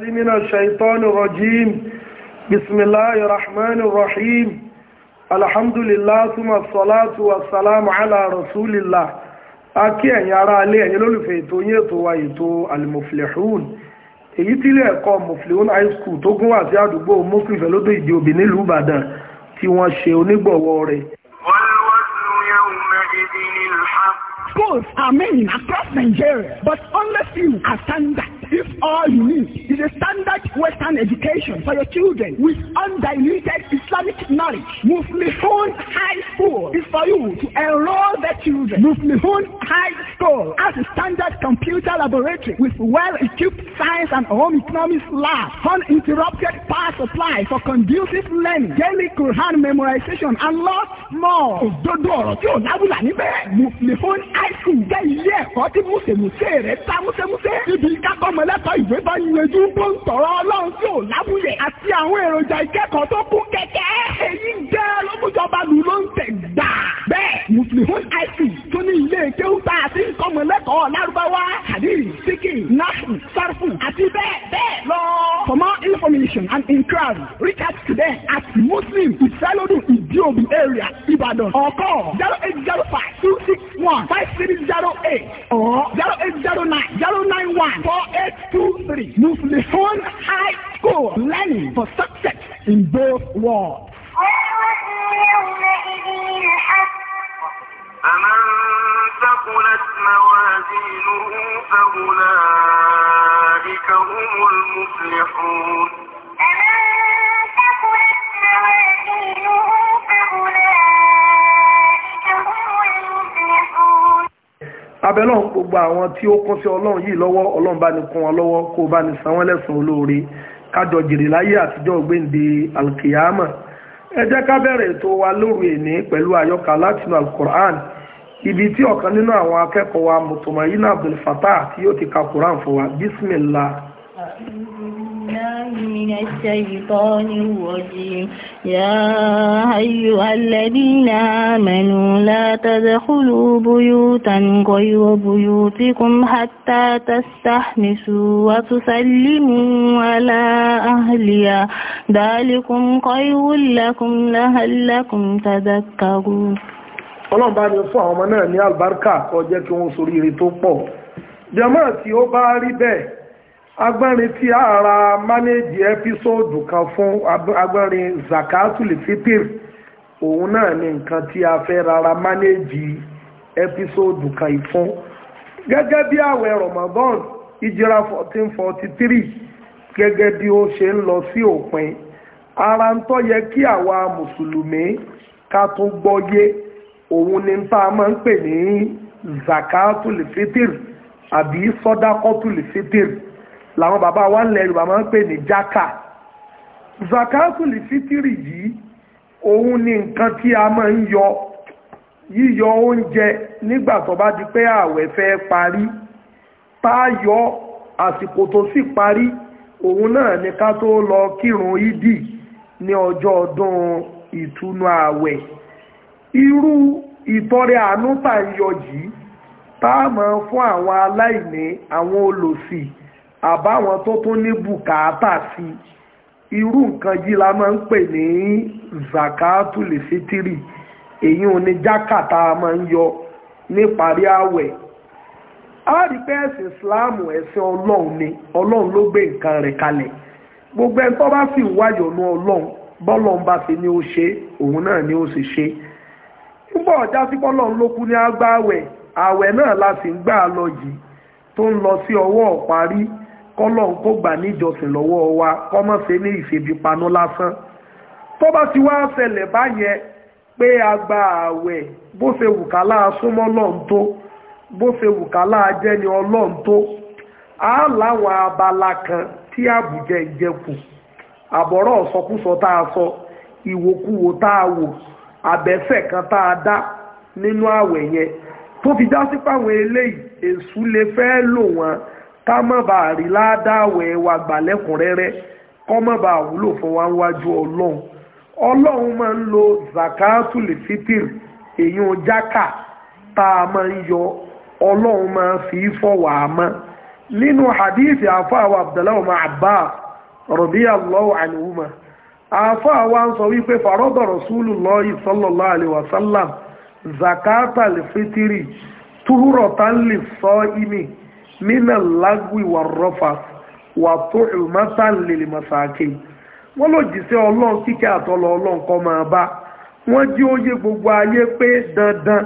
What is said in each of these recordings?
من الشيطان الرجيم بسم الله الرحمن الرحيم الحمد لله ثم الصلاة والسلام على رسول الله akí ẹ̀yin ará alẹ́ ẹ̀yin lólùfẹ́ ètò yín ètò wa ètò alimuflehun èyí tí ilé ẹ̀kọ́ muflehun high school tó gún wá sí àdúgbò muslim fẹ́lódò ìdí òbí nílùú schools are many across nigeria but only few are standard if all you need is a standard Western education for your children with undiluted Islamic knowledge. Muflihun High School is for you to enroll the children. Muflihun High School has a standard computer laboratory with well-equipped science and home economics lab, uninterrupted power supply for conducive learning, daily Quran memorization, and lots more. Òdodo Muflihun High School ẹ̀kọ́ tí múṣemúṣe rẹ̀ ta múṣemúṣe. ibi kákọ́mọlẹ́tọ̀ ìwé bá yanjú tó ń tọ̀rọ̀ ọlọ́run tí ò lábúyẹ̀ àti àwọn èròjà ìkẹ́kọ̀ọ́ tó kún kẹ̀kẹ́. èyí jẹ́ lọ́kùnjọba lù ló ń tẹ̀ gbà. bẹ́ẹ̀ muslimun ic tó ní ilé kéwúta àti ìkọ́mọlẹ́kọ̀ọ́ lárúbáwá hadith siki nahu sarfu àti bẹ́ẹ̀ bẹ́ẹ̀ lọ. for more information and inquiry reach out to them at muslim ifelodun idiobi area ibadan or call zero eight zero five. one five three zero eight or zero eight zero nine zero nine one four eight two three. Muflihun High School. Learning for success in both worlds. فمن ثقلت موازينه فأولئك هم المفلحون abẹ́lọ́run gbogbo àwọn tí ó kún sí ọlọ́run yìí lọ́wọ́ ọlọ́run bá ní kún wọn lọ́wọ́ kó bá ní san wọ́n lẹ́sùn olóore kájọ jèrè láyé àtijọ́ gbéǹde alkiyama ẹ jẹ́ ká bẹ̀rẹ̀ ètò wa lóru èní pẹ̀lú àyọkà látinú alkur'an ibi tí ọ̀kan nínú àwọn akẹ́kọ̀ọ́ wa mùtùmọ̀ yìí náà abdulfatah tí yóò ti ka quran fún wa bismillah. من الشيطان الرجيم يا أيها الذين آمنوا لا تدخلوا بيوتا غير بيوتكم حتى تستحمسوا وتسلموا على أهلها ذلكم خير لكم لهلكم تذكروا ọlọ́run bá ní fún àwọn ọmọ náà ní àlùbáríkà kó kí wọ́n soríire tó pọ̀ jàmáà tí ó bá rí bẹ́ẹ̀ agbẹ́rin tí a ra mánéjì ẹ́písòdù kan fún agbẹ́rin zakatul fitr òun náà ni nǹkan tí a fẹ́ rárá mánéjì ẹ́písòdù kan ìfún gẹ́gẹ́ bí àwẹ̀ Ramadan ìjìra 1443 gẹ́gẹ́ bí ó ṣe ń lọ sí òpin ara ń tọ́ yẹ kí àwa mùsùlùmí ká tún gbọ́yé òun ni tá a máa ń pè ní zakatul fitr àbí sọ́dákọ́tul fitr làwọn bàbá wa ń lẹ Yorùbá máa ń pè ní jákà zakatuli fitiri yìí òun ni nǹkan tí a máa ń yọ yíyọ oúnjẹ nígbà tó bá di pé ààwẹ̀ fẹ́ parí tá a yọ àsìkò tó sì parí òun náà ni ká tó lọ kírun ìdí ní ọjọ́ ọdún ìtúnu ààwẹ̀ irú ìtọrẹ àánú tà ń yọ yìí tá a máa fún àwọn aláìní àwọn olòṣì àbáwọn tó tún ní bùkátà sí irú nǹkan yìí la máa ń pè ní zakatul fitiri èyí ò ní jákàtà máa ń yọ níparí àwẹ̀ a rí pé ẹ̀sìn Islam ẹ̀sìn ọlọ́run ni ọlọ́run ló gbé nǹkan rẹ̀ kalẹ̀ gbogbo ẹni tó bá sì wáyọ̀nù ọlọ́run bọ́lọ́run bá ti ní ó ṣe òun náà ni ó sì ṣe nígbà ọjà sí bọ́lọ́run ló kú ní agbáwẹ̀ àwẹ̀ náà la sì ń gbà lọ yìí tó ń lọ sí ọwọ́ ọ̀parí kọ́lọ̀ kó gbà níjọsìn lọ́wọ́ wa kọ́mọ̀ ṣe ní ìṣèbípanú lásán tó bá ti wá ṣẹlẹ̀ báyẹn pé a gba ààwẹ̀ bó ṣe wùkálà súnmọ́ lọ́n tó bó ṣe wùkálà jẹ́ni ọlọ́n tó a láwọn abala kan tí àbùjẹ ìjẹkù àbọ̀rọ̀ ọ̀sọkúsọ tá a sọ ìwòkuwò tá a wò àbẹ́fẹ̀ kan tá a dá nínú ààwẹ̀ yẹn tó fi já sí pàwọn eléyìí èṣù lè fẹ́ lò wọ́n ká má bá a rí ládàáwẹ̀ wa gbà lẹ́kùnrẹ́rẹ́ kọ́ bá wúlò fún wa níwájú ọlọ́run ọlọ́run máa ń lo zakatul fitir èyàn jákà tá a máa ń yọ ọlọ́run máa fi fọwọ́ àmọ́ nínú hadithi àfáàwọ̀ abdullahi ọmọ abbas radiyallahu anhuma àfáàwọ̀ ń sọ wípé farada rasulullahi sallallahu alaihi wasallam zakatul fitiri túrọ̀ tán lè ìmì mina lagwi wa Rofas wà tó ìmọ̀sá lèlè mọ̀sáàkì wọ́n ló jíṣẹ́ ọlọ́run kíkẹ́ àtọ́lọ ọlọ́run kọ́ máa bá wọ́n jí ó gbogbo ayé pé dandan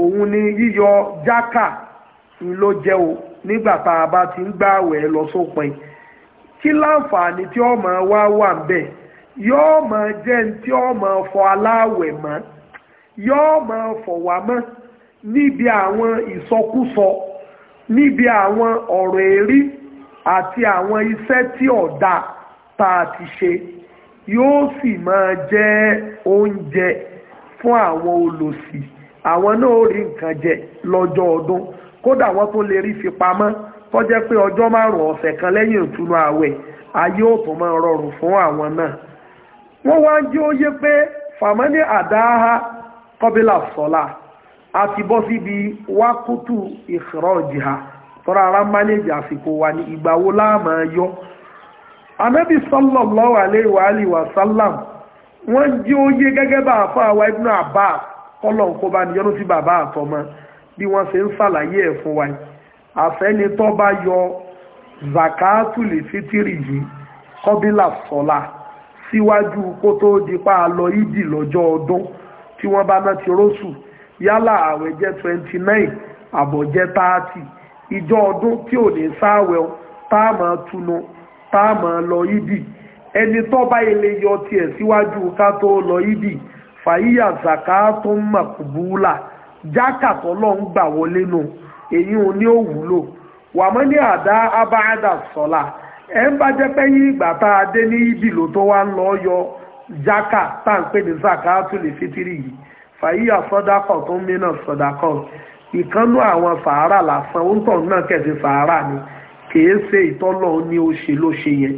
òun ni yíyọ jákà ló jẹ́ o nígbà tá a bá ti ń gbààwẹ̀ lọ sópin kí láǹfààní tí ó máa wá wà ń bẹ̀ yóò máa jẹ́ ní tí ó máa fọ aláwẹ̀ mọ́ yóò máa fọ̀ wá mọ́ níbi àwọn ìsọkúsọ níbi àwọn ọ̀rọ̀ èrí àti àwọn iṣẹ́ tí ọ̀dà tá a ti ṣe yóò sì máa jẹ́ oúnjẹ fún àwọn olòṣì àwọn náà ó rí nǹkan jẹ lọ́jọ́ ọdún kódà wọ́n tó lè rí fi pamọ́ tó jẹ́ pé ọjọ́ márùn-ún ọ̀sẹ̀ kan lẹ́yìn ìtúnú ààwẹ̀ ayé ò tún máa rọrùn fún àwọn náà wọ́n wá ń jẹ́ ó yé pé fàmọ́lì àdáhà kọ́bílà sọ́lá a ti bọ́ síbi wákútù ìkọ̀rọ̀jìhà tọ́ra ara mánéjì àsìkò wà ní ìgbà wo láàmà yọ anábì sallallahu alaihi wa alihi wa sallam wọ́n jí ó yé gẹ́gẹ́ bá àfọ́ àwa ibn Abbas kọ́lọ̀ kó bá níyọ́nú sí bàbá àtọmọ bí wọ́n ṣe ń ṣàlàyé ẹ̀ fún wa àfẹ́nitọ́ bá yọ zakatuli fitiri yìí kọ́bílà sọ́la síwájú kó tó di pa lọ ìdì lọ́jọ́ ọdún tí wọ́n bá ná ti rósù yálà àwẹ̀ jẹ́ twenty nine àbọ̀ jẹ́ thirty ìjọ ọdún tí ò ní sáwẹ̀ tá a máa túnú tá a máa lọ yídì ẹni tó bá ilé yọ tiẹ̀ síwájú ká tó lọ yídì fàyíyà zaka tó ń màkúbúlà jákà tó lọ ń gbà wọlé nù èyí ò ní òwúlò wàmọ́ àdá abáàdà sọ́la ẹ̀ ń bá jẹ́ pé yí ìgbà tá a dé ní yídì tó wá ń lọ yọ jákà tá à ń pè ní zaka tó lè fitiri yìí fàyíyà sọ́dákọ̀ tó ń mìíràn sọ́dákọ̀ ìkánú àwọn sàárà lásán ó ń tọ̀ náà kẹ̀sì sàárà ni kìí ṣe ìtọ́lọ̀ ní ó ṣe ló ṣe yẹn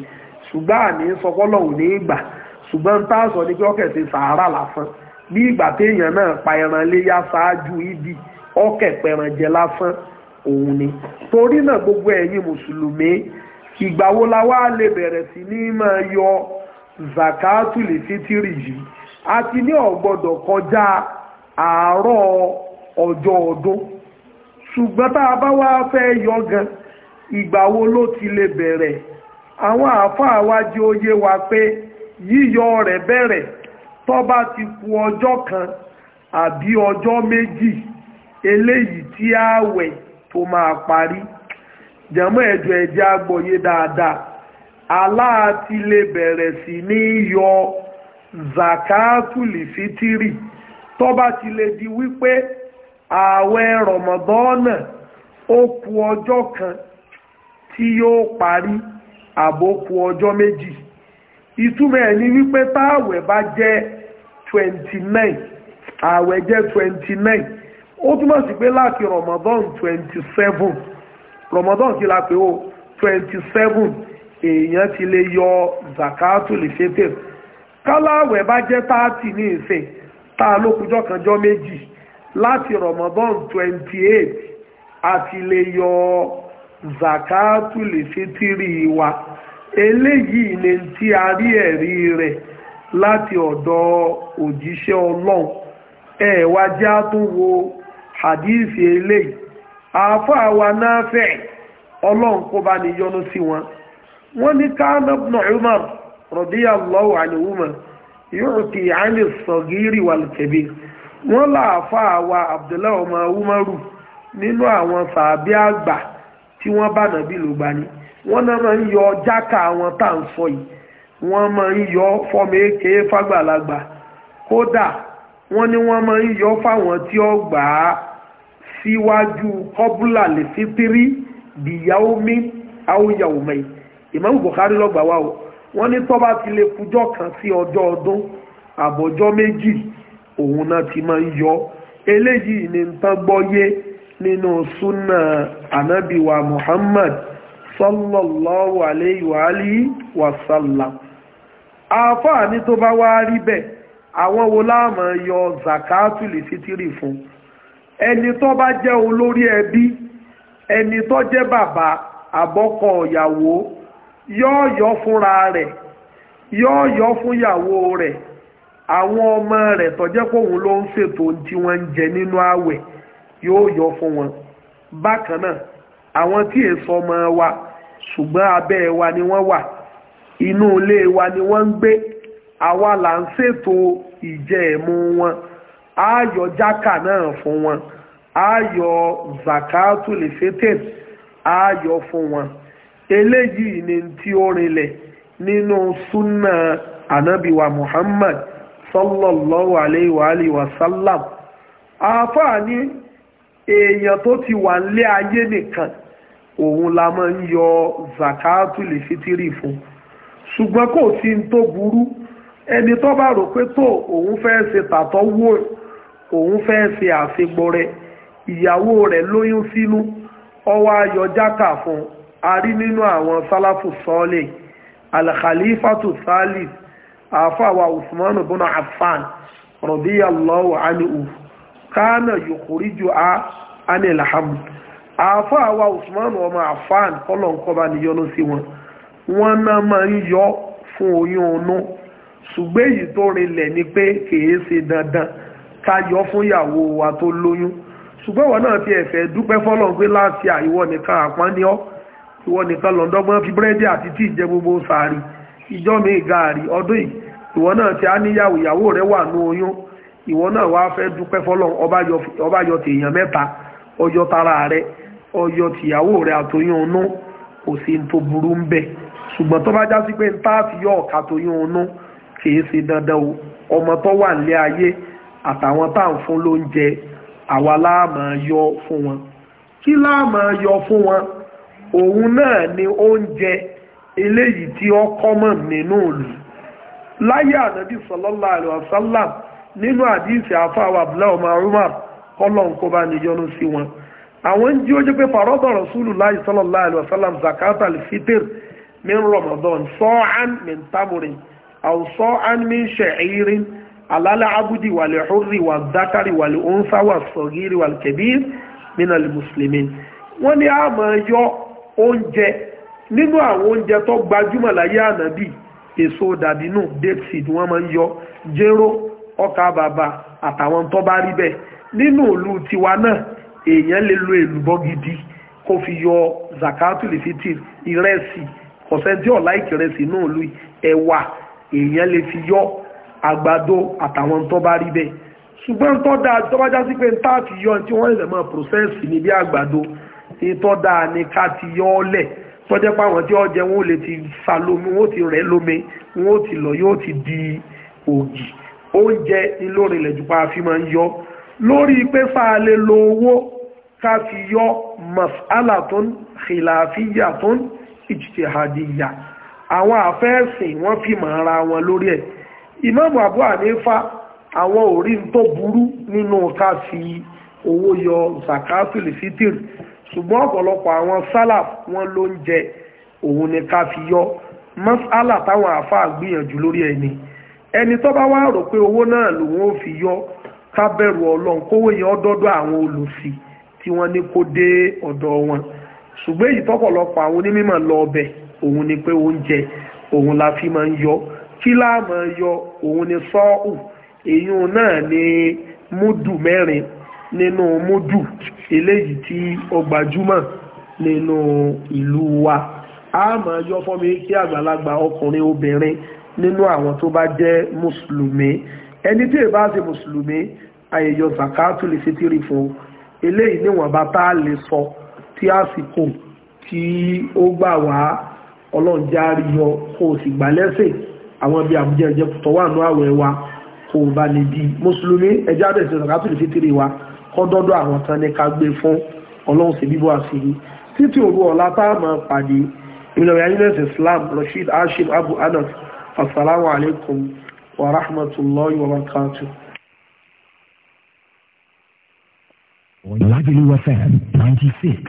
ṣùgbọ́n àní sọpọ́lọ̀ ò ní ìgbà ṣùgbọ́n ń táàsọ ní pé ọkẹ̀ ṣe sàárà lásán bí ìgbà téèyàn náà pa ẹran léyà ṣáájú ibi ọkẹ̀ pẹran jẹ lásán òun ni torí náà gbogbo ẹ̀yin mùsùlùmí ìgbà wo la wá lè bẹ̀rẹ̀ sí ní máa yọ zakatuli fitiri yìí a ti ní ọ̀gbọ́dọ̀ kọjá àárọ̀ ọjọ́ ọdún ṣùgbọ́n tá a bá wá fẹ́ yọ gan ìgbà wo ló ti lè bẹ̀rẹ̀ àwọn àáfàá wa jẹ́ oyé wa pé yíyọ rẹ̀ bẹ̀rẹ̀ tó bá ti ku ọjọ́ kan àbí ọjọ́ méjì eléyìí tí ààwẹ̀ tó máa parí jàmọ́ ẹ̀jọ̀ ẹ̀jẹ̀ agbọ̀yé dáadáa aláàtì lè bẹ̀rẹ̀ sí ní yọ zakatuli fitiri tó bá ti lè di wípé ààwẹ̀ rọ̀mọ̀dọ́nà ó ku ọjọ́ kan tí yóò parí àbókù ọjọ́ méjì ìtumọ̀ ẹ̀ ni wípé táàwẹ̀ bá jẹ́ 29 ààwẹ̀ jẹ́ 29 ó túmọ̀ sí pé láti rọ̀mọ̀dọ́n 27 rọ̀mọ̀dọ́n kí la pè ó 27 èèyàn ti lè yọ zakatuli fitiri káláwẹ̀ bá jẹ́ táàtì ní ìsìn tá a ló kújọ́ kanjọ́ méjì láti Ramadan twenty eight àti lè yọ zakatu lè ṣe tírì wa eléyìí ni tí a rí ẹ̀rí rẹ̀ láti ọ̀dọ̀ òjíṣẹ́ ọlọ́run ẹ wá jẹ́ àtúnwò hadithi eléyìí àáfàá wa náà fẹ́ ọlọ́run kó bá ní yọ́nú sí wọn wọ́n ní káánà ibn radiyallahu anhuma yu'ti 'ani as-saghiri wal-kabir wọ́n láàfáà wa abdullahi ọmọ umaru nínú àwọn sàbí àgbà tí wọ́n bá nàbí ló gbà ní wọ́n náà máa ń yọ jákà àwọn tá à ń sọ yìí wọ́n máa ń yọ fọ́mọ èké fàgbàlagbà kódà wọ́n ní wọ́n máa ń yọ fáwọn tí ó gbà á síwájú kọ́búlà lè fi tírí bìyàwó mi àwòyàwó mẹ́yì Imam Bukhari lọ́gbà wa o wọ́n ní tó bá ti lè fujọ́ kan sí ọjọ́ ọdún àbọ̀jọ́ méjì òun náà ti máa ń yọ eléyìí ni ń tán gbọ́yé nínú súnà ànábìwà Muhammad sallallahu alayhi wa alihi wa sallam àáfàá ní tó bá wá rí bẹ́ẹ̀ àwọn wo láàmú yọ zakatu lè fitiri fún ẹni tó bá jẹ́ olórí ẹbí ẹni tó jẹ́ bàbá àbọ́kọ ìyàwó yóò yọ fúnra rẹ̀ yóò yọ fúnyàwó rẹ̀ àwọn ọmọ rẹ̀ tọ́jẹ́ pòun ló ń ṣètò tí wọ́n ń jẹ nínú ààwẹ̀ yóò yọ fún wọn bákan náà àwọn tí èso ọmọ wa ṣùgbọ́n abẹ́ wa ni wọ́n wà inú ilé wa ni wọ́n ń gbé àwa là ń ṣètò ìjẹ ẹ̀mú wọn ààyò jákà náà fún wọn ààyò zakatu lè fètè ààyò fún wọn. eléyìí ni tí ó rinlẹ̀ nínú súnà ànábìwà muhammad sallallahu alayhi wa alayhi wa sallam àáfàá ní èèyàn tó ti wà nílé ayé nìkan òun la máa ń yọ zakatu lè fitiri fún ṣùgbọ́n kò sí tó burú ẹni tó bá rò pé tó òun fẹ́ ṣe tàtọ́ wò òun fẹ́ ṣe àṣegbọrẹ ìyàwó rẹ̀ lóyún sínú ọwọ́ ayọ̀ jákà fún un a rí nínú àwọn sálàfù sọ́ọ̀lẹ̀ alkhalifatu thalith àfàwà usman ibn affan radiyallahu anhu kánà yukhriju a anil hamd àfàwà usman ọmọ affan kọlọ̀nkọba níyọnu sí wọn wọn náà máa ń yọ fún oyún ọnú ṣùgbẹ́ èyí tó rinlẹ̀ ni pé kìí ṣe dandan ká yọ fún ìyàwó wa tó lóyún ṣùgbọ́n wọn náà fi ẹ̀fẹ̀ dúpẹ́ fọ́lọ́n pé láti àìwọ́ nìkan àpọ́n ní ọ́ ìwọ nìkan lọ́ndọ́gbọ́n fi búrẹ́dì àti tí ìjẹ gbogbo sàárì ìjọ mi gààrí ọdún yìí ìwọ náà ti á níyàwó ìyàwó rẹ wà ní oyún ìwọ náà wá fẹ́ dúpẹ́ fọlọ́n ọba yọ tèèyàn mẹ́ta ọjọ́ tara rẹ ọjọ́ tìyàwó rẹ àtòyún ọ̀nà kò sí kí láàmà yọ fún wọn òun náà ni je eléyìí tí ó kọ́mọ̀ nínú ìlú láyé ànábì sallallahu alaihi wasallam nínú àdíìsì àfáwà abdullahi ọmọ arúmà kọlọ̀n kó bá níjọ́nú sí wọn àwọn jí ó jẹ́ pé farada rasulullahi sallallahu alaihi zakat al-fitr min ramadan sa'an min tamurin aw min sha'irin alala abudi wal wal kabir min wọ́n ní oúnjẹ nínú àwọn oúnjẹ tó gbajúmọ̀ láyé ànábì èso dàbínú date seed wọ́n máa ń yọ jéró ọkà bàbà àtàwọn tó bá rí bẹ́ẹ̀ nínú ìlú tiwa náà èèyàn lè lo èlùbọ́ gidi kó fi yọ zakatul fitir ìrẹsì kọ̀sẹ́ntì ọ̀la ìkẹrẹsì náà lu ẹ̀wà èèyàn lè fi yọ àgbàdo àtàwọn tó bá rí bẹ́ẹ̀ ṣùgbọ́n tó dáa tó bá já sí pé ń táàtì yọ tí wọ́n lè mọ̀ process ní bí àgbàdo ìtọ́ dáa ni ká ti yọ ọ́ lẹ̀ tọ́jẹ́ páwọn tí ọjẹ́ wọn ò lè ti fa lómi wọn ò ti rẹ̀ lómi wọn ò ti lọ yóò ti di ògì oúnjẹ ni lórí ilẹ̀ jùpá fi máa ń yọ lórí pé fáa lè lo owó ká fi yọ mas'alatun khilafiyatun ijtihadiyya àwọn àfẹ́ẹ̀sìn wọ́n fi mọ̀ ara wọn lórí ẹ̀ Imam Abu Hanifa àwọn òrí tó burú nínú ká fi owó yọ zakatul fitr ṣùgbọ́n ọ̀pọ̀lọpọ̀ àwọn salaf wọn ló ń jẹ òun ni ká fi yọ masala táwọn àáfàá gbìyànjú lórí ẹni ẹni tó bá wá rò pé owó náà lòun ó fi yọ ká bẹ̀rù ọlọ́run kówó yẹn ọdọ́dọ́ àwọn olùsí tí wọ́n ní kó dé ọ̀dọ̀ wọn ṣùgbọ́n èyí tọ́pọ̀lọpọ̀ àwọn onímọ̀ lọ ọbẹ̀ òun ni pé oúnjẹ òun la fi máa ń yọ kí láà yọ òun ni sọ́ọ̀hù èyí náà ni múdù mẹ́rin nínú múdù eléyìí tí ó gbajúmọ̀ nínú ìlú wa a máa yọ fọ́mi kí àgbàlagbà ọkùnrin obìnrin nínú àwọn tó bá jẹ́ mùsùlùmí ẹni tí èbá ṣe mùsùlùmí àyèyọ zakaatu lè fi tírì fún eléyìí níwọ̀nba tá a lè sọ tí àsìkò tí ó gbà wá ọlọ́run já rí yọ kó o sì gbà àwọn bí àbújá ẹ̀jẹ̀ tó wà nú àwẹ̀ wa kò bá lè di mùsùlùmí ẹjá bẹ̀rẹ̀ sí lè fi tírì wa kọ́dọ́dọ́ àwọn tán ní ká gbé fún ọlọ́run sí bíbọ́ àṣírí títí òru ọ̀la tá a máa pàdé ìlọ̀rẹ́ ayélujára islam rasheed hashim abu anas assalamu alaikum wa rahmatullahi wa barakatuh. Lagelu FM 96.